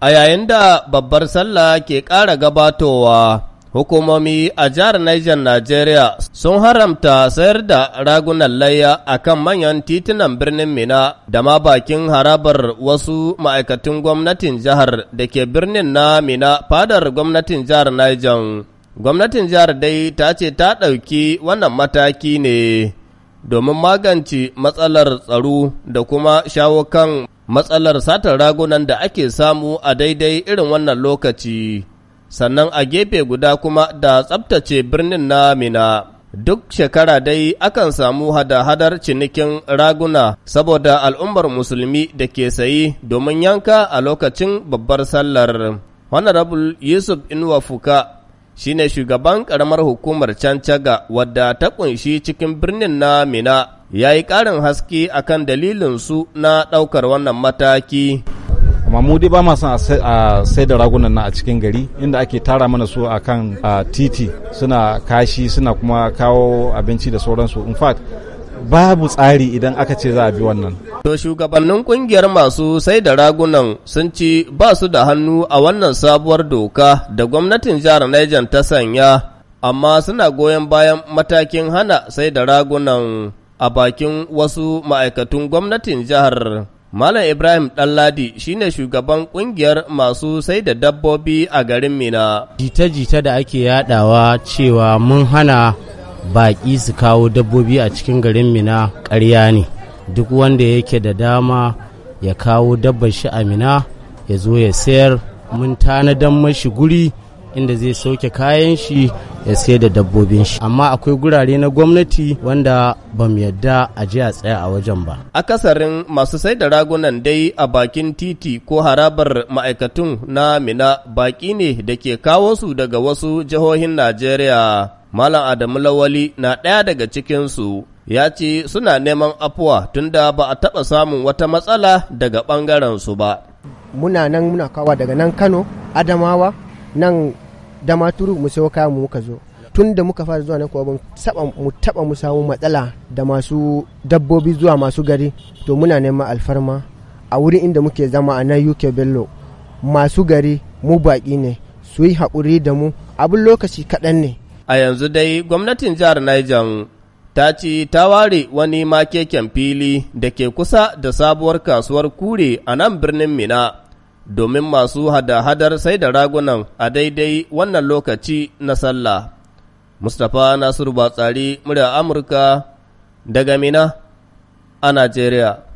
A yayin da babbar sallah ke ƙara gabatowa, hukumomi a jihar Niger Najeriya sun haramta sayar da ragunan layya a kan manyan titunan birnin Mina da ma bakin harabar wasu ma'aikatan gwamnatin jihar da ke birnin na Mina fadar gwamnatin jihar Niger. Gwamnatin jihar dai ta ce ta ɗauki wannan mataki ne domin magance matsalar tsaro da kuma shawo kan matsalar satar ragunan da ake samu a daidai irin wannan lokaci, sannan a gefe guda kuma da tsabtace birnin na Mina. Duk shekara dai akan samu hada-hadar cinikin raguna saboda al'ummar musulmi da ke sayi domin yanka a lokacin babbar sallar. Honorable Yusuf Inuwa Fuka shine shugaban ƙaramar hukumar Cancaga wadda ta ƙunshi cikin birnin na Mina. ya yi ƙarin haske a kan dalilinsu na ɗaukar wannan mataki. amma mu dai ba ma a sai da ragunan na a cikin gari inda ake tara mana su a kan titi suna kashi suna kuma kawo abinci da sauransu in fact babu tsari idan aka ce za a bi wannan to shugabannin kungiyar masu sai da ragunan sun ci ba su da hannu a wannan sabuwar doka da gwamnatin jihar Niger ta sanya amma suna goyon bayan matakin hana sai da ragunan a bakin wasu ma'aikatun gwamnatin jihar. Malam Ibrahim Ɗanladi ne shugaban ƙungiyar masu sai da dabbobi a garin Mina. Jita-jita da ake yadawa cewa mun hana baƙi su kawo dabbobi a cikin garin Mina ƙarya ne. Duk wanda yake da dama ya kawo dabbar shi a Mina ya zo ya sayar mun tanadan mashi guri inda zai sauke kayan shi ya sai da dabbobin shi amma akwai gurare na gwamnati wanda ba mu yadda a ji a tsaya a wajen ba akasarin masu sai da ragunan dai a bakin titi ko harabar ma'aikatun na mina baki ne da ke kawo su daga wasu jihohin najeriya malam adamu lawali na ɗaya daga cikinsu ya ce suna neman afuwa tunda ba a taɓa samun wata matsala daga ɓangaren su ba muna nan muna kawa daga nan kano adamawa nan da maturu mu sayo kayan mu muka zo tun da muka fara zuwa nan kuwa saba mu taba mu samu matsala da masu dabbobi zuwa masu gari to muna neman alfarma a wurin inda muke zama a nan UK Bello masu gari mu baki ne su yi haƙuri da mu abin lokaci kaɗan ne a yanzu dai gwamnatin jihar Niger ta ce ta ware wani makeken fili da ke kusa da sabuwar kasuwar kure a nan birnin Mina domin masu hada-hadar sai da ragunan a daidai wannan lokaci na sallah. Mustapha Nasiru Batsari, murya Amurka daga Mina a Najeriya.